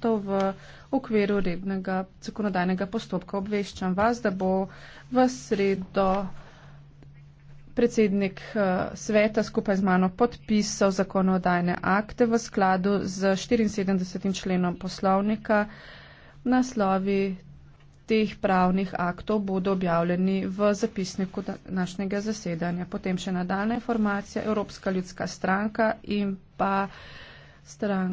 aktov v okviru rednega zakonodajnega postopka. Obveščam vas, da bo v sredo predsednik eh, sveta skupaj z mano podpisal zakonodajne akte v skladu z 74. členom poslovnika. Naslovi teh pravnih aktov bodo objavljeni v zapisniku današnjega zasedanja. Potem še nadaljna informacija Evropska ljudska stranka in pa stranka.